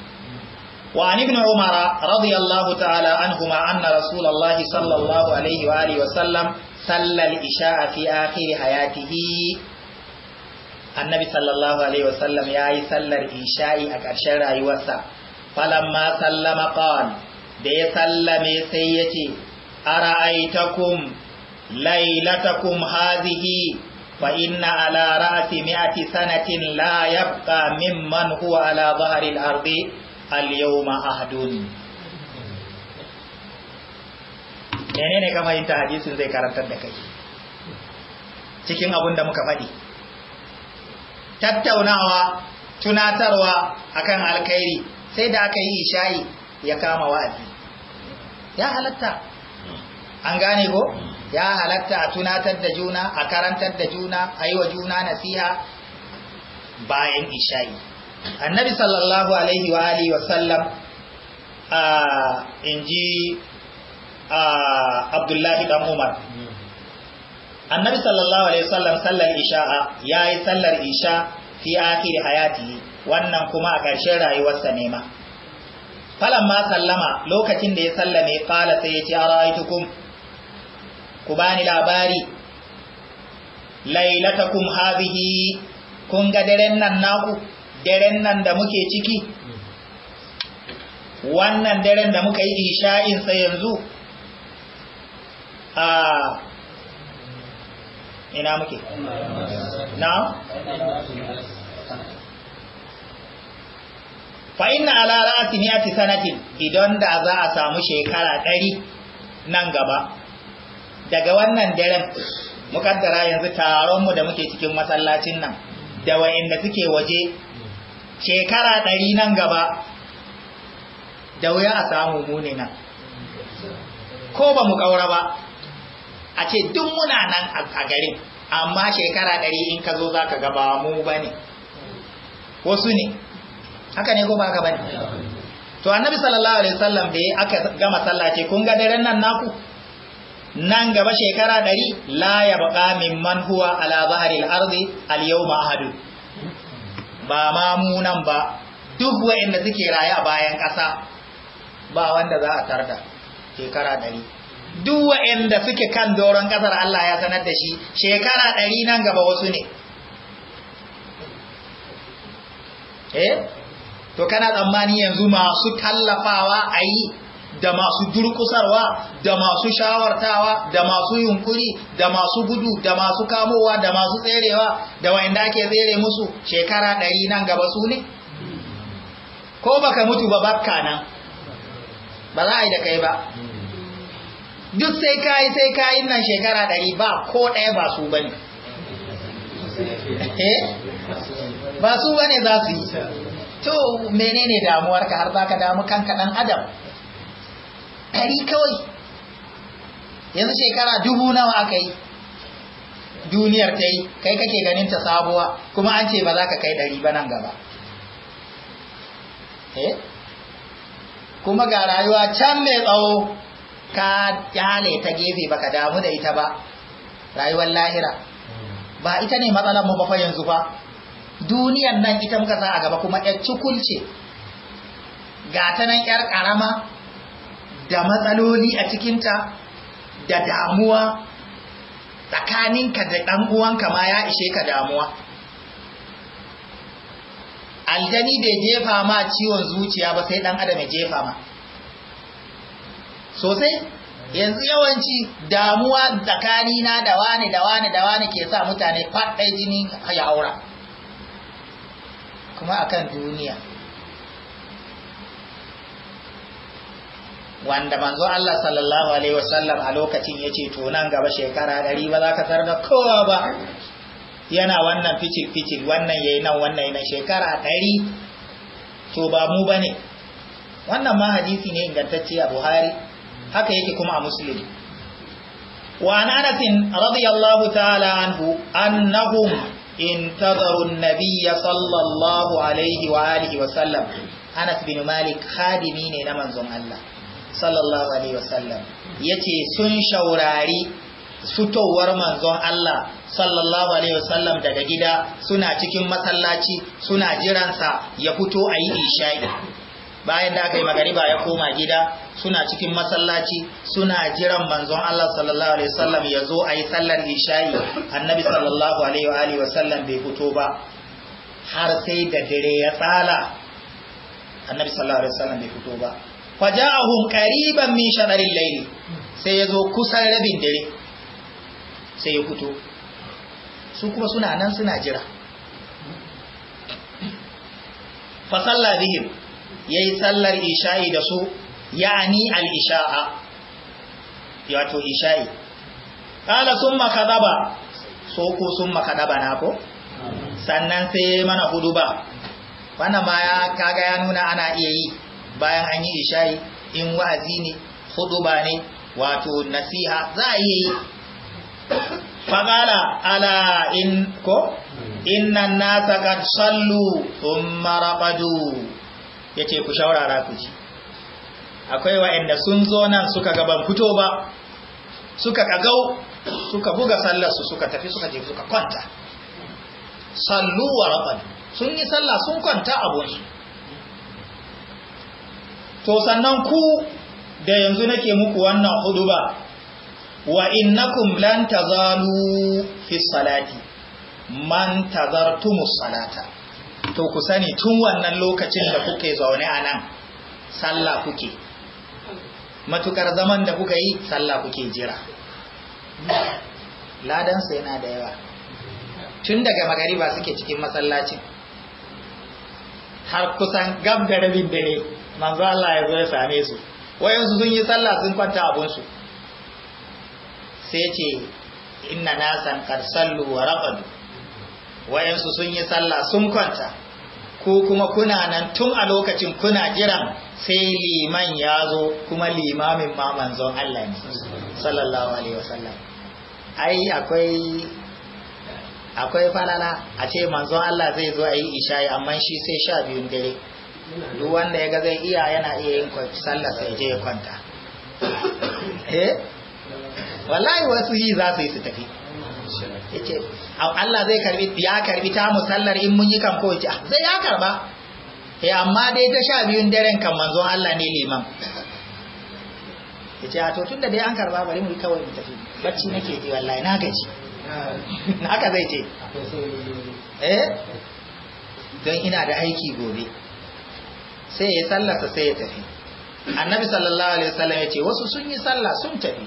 A: wa an ibn umara radiyallahu ta'ala an أن رسول الله صلى الله عليه wa sallam. sallal isha fi akhiri hayatihi annabi sallallahu alaihi wasallam yayi sallar isha'i a ƙarshen rayuwarsa falamma sallama qan da ya sallame sai yace ara'aitakum lailatakum hadhihi fa inna ala ra'si mi'ati sanatin la yabqa mimman huwa ala dhahri al-ardi al-yawma ahdun menene yin ta hadisin zai karantar da kai cikin abin da muka faɗi tattaunawa tunatarwa akan alkhairi sai da aka yi isha'i ya kama wa'azi ya halatta an gane ko ya halatta a tunatar da juna a karantar da juna a yi wa juna nasiha bayan isha'i annabi sallallahu alaihi wa alihi wasallam in ji abdullahi dan umar annabi sallallahu alaihi wasallam sallar isha'a yayi sallar isha fi akhir hayati wannan kuma a ƙarshen rayuwarsa ne ma falan ma sallama lokacin da ya sallame qala sai yace araitukum ku bani labari lailatakum hadhihi kun ga daren nan naku daren nan da muke ciki wannan daren da muka yi isha'in sai yanzu a ina muke na fa inna ala ra'ati mi'ati sanatin idan da za a samu shekara ɗari nan gaba daga wannan daren mukaddara yanzu taronmu da muke cikin masallacin nan da wa'inda suke waje shekara ɗari nan gaba da wuya a samu muni nan ko ba mu ƙaura ba a ce duk muna nan a garin amma shekara ɗari in ka zo za ka ga ba mu ba ne wasu ne haka ne ko ba ka ba to annabi sallallahu alaihi wasallam da aka gama sallah ce kun ga daren nan naku nan gaba shekara ɗari la ya baƙa man huwa ala zaharil arzi al-yawma ahad ba ma mu nan ba duk waɗanda suke raye a bayan ƙasa ba wanda za a tarda shekara ɗari duk wa'anda suke kan doron ƙasar, Allah ya sanar da shi shekara ɗari nan gaba wasu ne eh to kana tsammani yanzu masu tallafawa a yi da masu durkusarwa da masu shawartawa da masu yunkuri da masu gudu da masu kamowa da masu tserewa da wa'inda ake tsere musu shekara ɗari nan gaba su ne ko baka mutu ba bakka nan ba za a yi da kai ba duk sai kayi sai kayi nan shekara ɗari ba ko ɗaya ba su bane eh? ba su bane za su yi to menene damuwar ka har za ka damu kanka ɗan adam ɗari kawai yanzu shekara dubu nawa aka yi duniyar ta yi kai kake ganin ta sabuwa kuma an ce ba za ka kai ɗari ba nan gaba eh? kuma ga rayuwa can mai tsawo ka kyale ta gefe ka damu da ita ba rayuwar lahira ba ita ne matsalar mu ba fa yanzu fa? Duniyar nan ita muka sa a gaba kuma yar cikulce ga ta nan yar karama da matsaloli a cikinta da damuwa tsakanin ka da ɗan uwanka ma ya ishe ka damuwa aljani bai jefa ma ciwon zuciya ba sai ɗan adam ya jefa ma sosai yanzu yawanci damuwa tsakanina da wani da wani da wani ke sa mutane faɗai jini ya aura kuma a kan duniya wanda manzo Allah sallallahu alaihi wasallam a lokacin yace to nan gaba shekara 100 ba za ka tarda kowa ba yana wannan fitil-fitil wannan yayi nan wannan yana shekara 100 to ba mu bane wannan ma hadisi ne ingantacce a Buhari haka yake kuma a musulmi wa an anasin radiyallahu ta'ala anhu annahum intazaru an-nabiyya sallallahu alaihi wa alihi wa sallam Anas bin Malik khadimi ne na manzon Allah sallallahu alaihi wa sallam yace sun shaurari fitowar manzon Allah sallallahu alaihi wasallam daga gida suna cikin masallaci suna jiransa ya fito ayi yi isha'i bayan da aka yi magariba ya koma gida suna cikin masallaci suna jiran manzon Allah sallallahu alaihi wasallam ya zo a yi sallar isha'i annabi sallallahu alaihi wa alihi wasallam bai fito ba har sai da dare ya tsala annabi sallallahu alaihi wasallam bai fito ba faja'ahum qariban min shanaril layli sai ya zo kusan rabin dare sai ya fito su kuma suna nan suna jira fa salla bihim ya yi sallar isha'i da su yani al'isha'a wato isha'i ƙala sun so soko sun makadaba na ko sannan sai mana hudu ba wannan ma ya kaga ya nuna ana iya yi bayan an yi isha'i in wa'azi ne hudu ba ne wato nasiha za a iya yi faƙala ala in ko hmm. innan nasa kan sallu sun maraɓadu ya ku shawara ku ji akwai wa'anda sun zo nan suka ban fito ba suka kagau suka buga sallarsu suka tafi suka je suka kwanta sallu wa rabbani sun yi sallah sun kwanta abunsu to sannan ku da yanzu nake muku wannan huduba ba wa innakum lan tazalu fi salati man tazartumus salata to ku sani tun wannan lokacin da kuke zaune a nan sallah kuke matukar zaman da kuka yi sallah kuke jira ladansa yana da yawa tun daga magariba suke cikin masallacin har kusan gab da rabin ne manzo Allah ya zo ya same su wayansu sun yi sallah sun kwanta su. sai ce inna nasan qad sallu wa raqad wayansu sun yi sallah sun kwanta ko kuma kuna nan tun a lokacin kuna jiran sai liman ya zo kuma limamin ma manzon Allah ne sallallahu alaihi wasallam ai akwai akwai falala a ce manzon Allah zai zo a yi isha'i amma shi sai sha biyun dare duk wanda ya ga zai iya yana iya yin sallah sai je ya kwanta eh wallahi wasu yi za su yi su tafi yace Allah zai karbi ya karbi ta musallar in mun yi kan ko yace ah, sai ya karba eh amma dai ta sha biyun daren kan manzon Allah ne liman yace a ah, to tunda dai an karba bari mu yi kawai mu tafi bacci nake ji wallahi na gaji haka zai ce eh don ina da aiki gobe sai ya sallarsa sai ya tafi annabi sallallahu alaihi wasallam ya ce wasu sun yi sallah sun tafi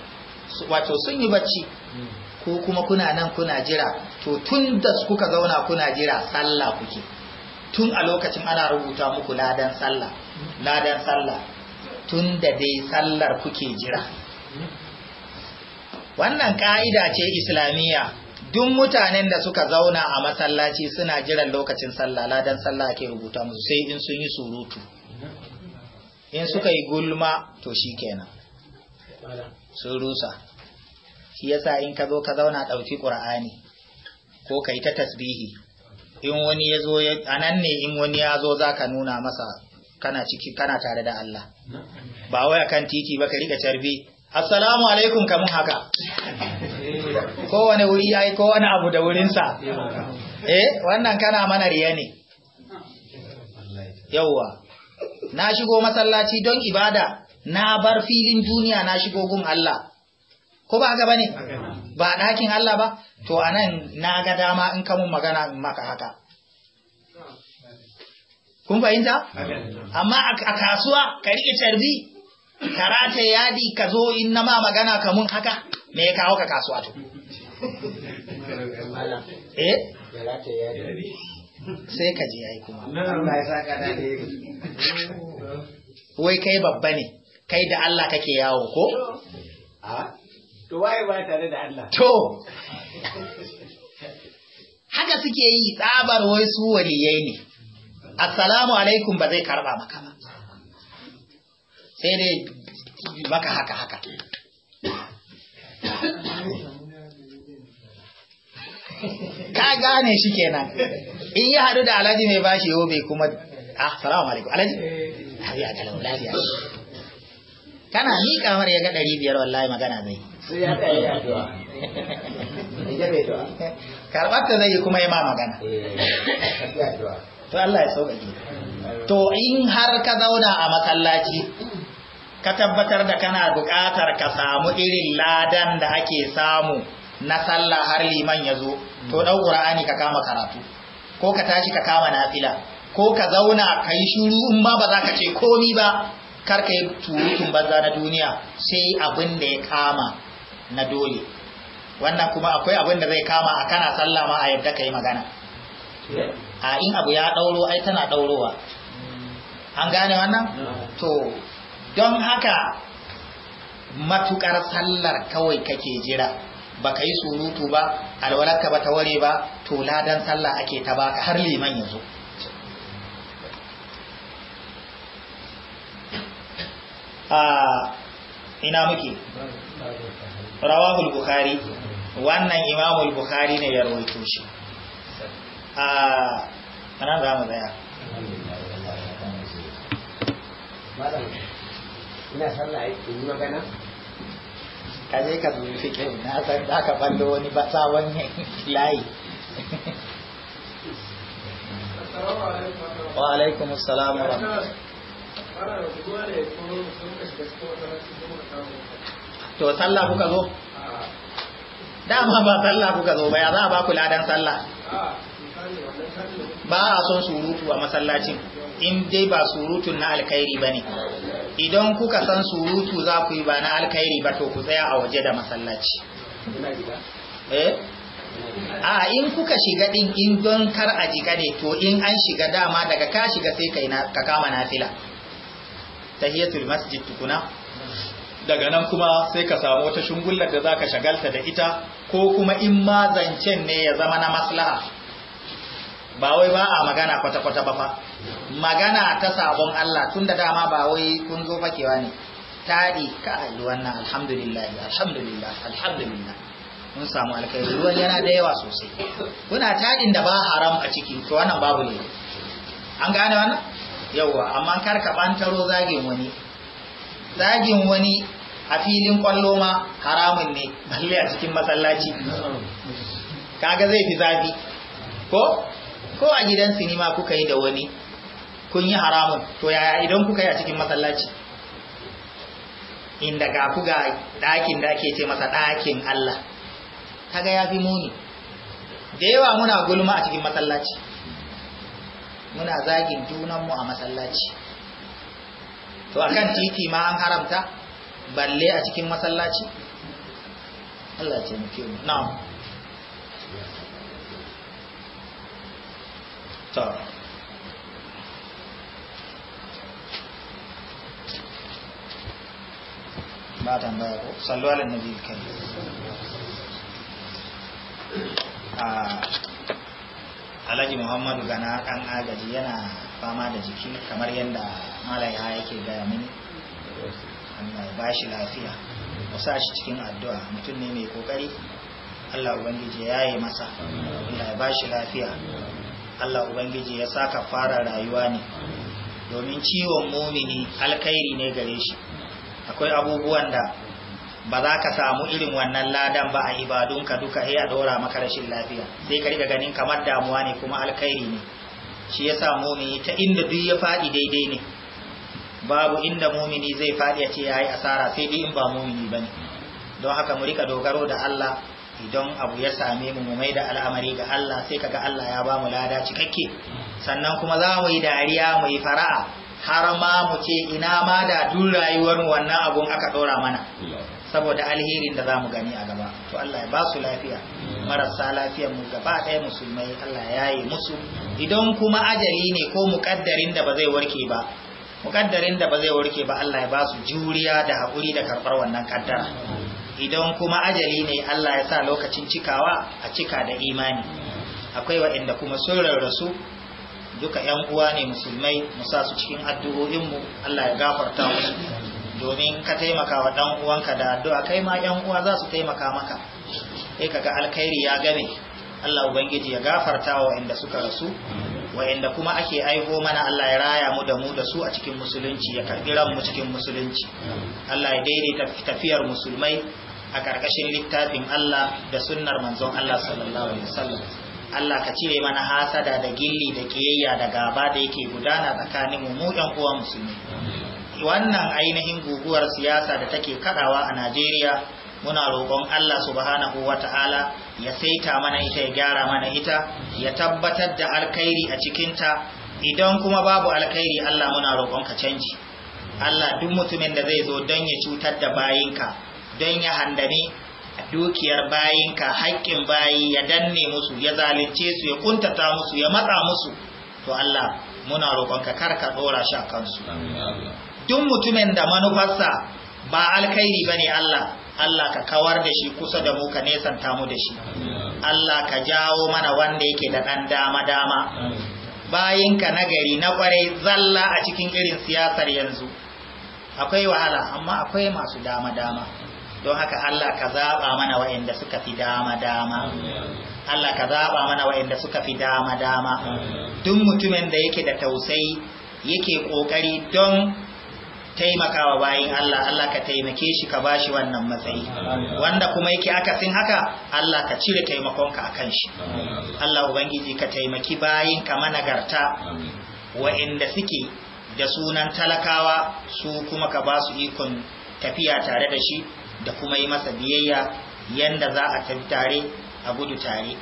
A: wato sun yi bacci hmm. ko kuma kuna nan kuna jira to tun da kuka zauna kuna jira sallah kuke tun a lokacin ana rubuta muku ladan sallah ladan sallah tun da dai sallar kuke jira wannan ka'ida ce islamiyya duk mutanen da suka zauna a masallaci suna jiran lokacin sallah ladan sallah ake rubuta musu sai in sun yi surutu in suka yi gulma to shikenan sun rusa shi yasa in ka zo ka zauna ɗauki ƙur'ani ko ka yi ta tasbihi in wani ya zo a nan ne in wani ya zo za ka nuna masa kana ciki kana tare da Allah ba wai akan titi ba ka riƙa carbi assalamu alaikum kamun haka kowane wuri ya yi kowane abu da wurinsa eh wannan kana mana riya ne yauwa na shigo masallaci don ibada na bar filin duniya na shigo gun Allah ko ba haka bane ba ɗakin Allah ba to anan na ga dama in ka mun magana in maka haka kun fahimta amma a kasuwa ka rike tarbi ka rata yadi ka zo in na ma magana ka mun haka me ya kawo ka kasuwa to
B: eh
A: sai ka ji yayi kuma wai kai babba ne kai da Allah kake yawo ko
B: To waye ba tare da Allah.
A: To, haka suke yi tsabar wai su waliyai ne. Assalamu alaikum ba zai karba maka ba. Sai dai maka haka haka. Ka gane shi kenan. In yi haɗu da alhaji mai bashi yau mai kuma, ah, salamu alaikum, alhaji? Hari a lafiya. kana mika mar ya ga ɗari biyar wallahi magana zai karɓar ta zai yi kuma ya ma magana eh, to Allah ya sauƙaƙe to in har ka zauna a masallaci ka tabbatar da kana buƙatar ka samu irin ladan da ake samu na sallah har liman ya zo to ɗau ƙura'ani ka kama karatu ko ka tashi ka kama nafila ko ka zauna ka yi shuru in ma ba za ka ce komi ba karka yi turutun banza na duniya sai abin da ya kama na dole wannan kuma akwai abin da zai kama a kana sallah ma a yadda ka yi magana a in abu ya ɗauro ai tana ɗaurowa an gane wannan to don haka matukar sallar kawai kake jira baka yi surutu ba alwalarka ba ta ware ba to ladan sallah ake ta baka har liman ya zo ina muke rawahul bukhari wannan imamul bukhari ne ya rawaito shi a ana za mu tsaya ka je wani sabon layi wa alaikum wa rahmatullahi to sallah kuka zo dama ba sallah kuka zo ba ya za a ba ku ladan sallah ba a ah, son surutu a masallacin ¿Eh? ah, in dai ba surutun na alkhairi ba ne idan kuka san surutu za ku yi ba na alkhairi ba to ku tsaya a waje da masallaci a in kuka shiga din in don kar a jika ne to in an shiga dama daga ka shiga sai ka kama na fila. tahiyatul masjid tukuna daga nan kuma sai ka samu wata shungullar da zaka shagalta da ita ko kuma in ma zancen ne ya zama na maslaha ba wai ba a magana kwata-kwata ba fa magana ta sabon Allah tunda dama ba wai kun zo fakewa ne tadi ka ali wannan alhamdulillah alhamdulillah alhamdulillah mun samu alkhairi ruwan yana da yawa sosai kuna tadin da ba haram a ciki to wannan babu ne an gane wannan yawwa amma kar ka bantaro zagin wani zagin wani a filin kwallo ma haramun ne balle a cikin masallaci kaga zai fi zafi ko ko a gidan sinima kuka yi da wani kun yi haramun to yaya idan kuka yi a cikin masallaci inda ga ku ga ɗakin da ake ce masa ɗakin Allah kaga ya fi muni da yawa muna gulma a cikin masallaci muna zagin junanmu a masallaci to akan titi ma an haramta balle a cikin masallaci Allah ce muke mu na'am ta ba ba ko sallu ala nabi kai a ah. alhaji muhammadu gana ɗan agaji yana fama da jiki kamar yadda malaya yake gaya mini Allah ba shi lafiya mu sa shi cikin addu'a mutum ne mai kokari Allah ubangiji ya yi masa Allah ba shi lafiya Allah ubangiji ya saka fara rayuwa ne domin ciwon mumini alkhairi ne gare shi akwai abubuwan da ba za ka samu irin wannan ladan ba a ibadunka duka ya a dora maka rashin lafiya sai ka riga ganin kamar damuwa ne kuma alkhairi ne shi yasa mumini ta inda duk ya faɗi daidai ne babu inda mumini zai faɗi ya ce yayi asara sai dai in ba mumini bane don haka mu rika dogaro da Allah idan abu ya same mu mu mai da al'amari ga Allah sai kaga Allah ya ba mu lada cikakke sannan kuma za mu yi dariya mu yi fara'a har ma mu ce ina ma da duk rayuwar wannan abun aka dora mana saboda alherin da za mu gani a gaba to Allah ya ba su lafiya marasa lafiyar mu gaba ɗaya musulmai Allah ya yi musu idan kuma ajali ne ko mukaddarin da ba zai warke ba muƙaddarin da ba zai warke ba Allah ya ba su juriya da haƙuri da karɓar wannan kaddara idan kuma ajali ne Allah ya sa lokacin cikawa a cika da imani akwai waɗanda kuma sun rarrasu duka 'yan uwa ne musulmai mu sa su cikin addu'o'inmu Allah ya gafarta musu domin ka taimaka wa ɗan uwanka da addu'a kai ma yan uwa za su taimaka maka sai kaga alkhairi ya game Allah ubangiji ya gafarta wa inda suka rasu inda kuma ake aiho mana Allah ya raya mu da mu da su a cikin musulunci ya karbi mu cikin musulunci Allah ya daidaita tafiyar musulmai a karkashin littafin Allah da sunnar manzon Allah sallallahu alaihi wasallam Allah ka cire mana hasada da gilli da kiyayya da gaba da yake gudana tsakanin mu mu ɗan uwa musulmi wannan ainihin guguwar siyasa da take kadawa a Najeriya muna roƙon Allah subhanahu wata'ala ya saita mana ita ya gyara mana ita ya tabbatar da alkhairi a cikinta idan kuma babu alkhairi Allah muna roƙon ka canji Allah duk mutumin da zai zo don ya cutar da bayinka don ya handame dukiyar bayinka haƙƙin bayi ya danne musu ya zalunce su ya kuntata musu ya matsa musu to Allah muna roƙonka kar ka ɗora shi a kansu duk mutumin da manufarsa ba alkhairi bane Allah Allah ka kawar da shi kusa da mu ka nesanta mu da shi Allah ka jawo mana wanda yake da ɗan dama dama ka nagari na kwarai zalla a cikin irin siyasar yanzu akwai wahala amma akwai masu dama dama don haka Allah ka zaba mana wa'inda suka fi dama dama Allah ka zaba mana wa'inda suka fi dama dama duk mutumin da yake da tausayi yake ƙoƙari don taimakawa bayin Allah Allah ka taimake shi ka bashi wannan matsayi wanda kuma yake akasin haka Allah ka cire taimakonka akan shi Allah ubangiji ka taimaki bayin ka managarta wa'inda suke da sunan talakawa su kuma ka ba su ikon tafiya tare da shi da kuma yi masa biyayya yanda za a tafi tare a gudu tare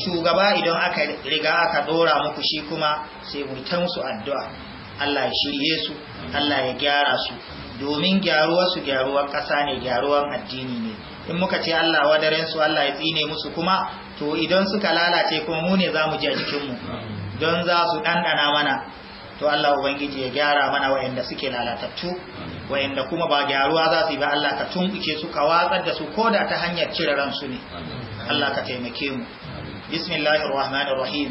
A: shugaba idan aka riga aka dora muku shi kuma sai mu tansu addu'a Allah ya shirye su Allah ya gyara su domin gyaruwar su gyaruwar ƙasa ne gyaruwar addini ne in muka ce Allah wadaren su Allah ya tsine musu kuma to idan suka lalace kuma mu ne za mu ji a jikinmu don za su ɗanɗana mana to Allah Ubangiji ya gyara mana wa'inda suke lalatattu wa'inda kuma ba gyaruwa za su yi ba Allah ka tumbuke su ka watsar da su ko da ta hanyar cire ransu ne Allah ka taimake mu bismillahir rahmanir rahim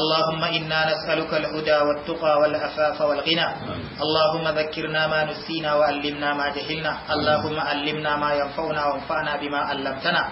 A: اللهم إنا نسألك الهدى والتقى والعفاف والغنى اللهم ذكرنا ما نسينا وعلمنا ما جهلنا اللهم علمنا ما ينفعنا وانفعنا بما علمتنا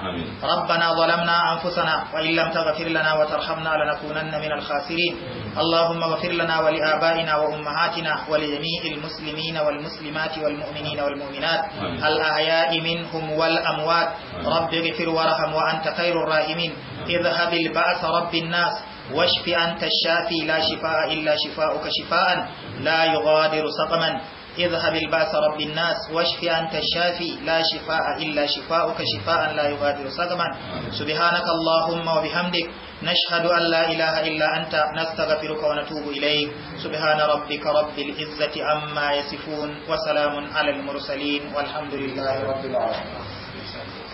A: ربنا ظلمنا أنفسنا وإن لم تغفر لنا وترحمنا لنكونن من الخاسرين اللهم اغفر لنا ولآبائنا وأمهاتنا ولجميع المسلمين والمسلمات والمؤمنين والمؤمنات الأعياء منهم والأموات رب اغفر وارحم وأنت خير الراحمين اذهب البأس رب الناس واشف أنت الشافي لا شفاء إلا شفاءك شفاء لا يغادر سقما اذهب الباس رب الناس واشف أنت الشافي لا شفاء إلا شفاءك شفاء لا يغادر سقما سبحانك اللهم وبحمدك نشهد أن لا إله إلا أنت نستغفرك ونتوب إليك سبحان ربك رب العزة عما يصفون وسلام على المرسلين والحمد لله رب
B: العالمين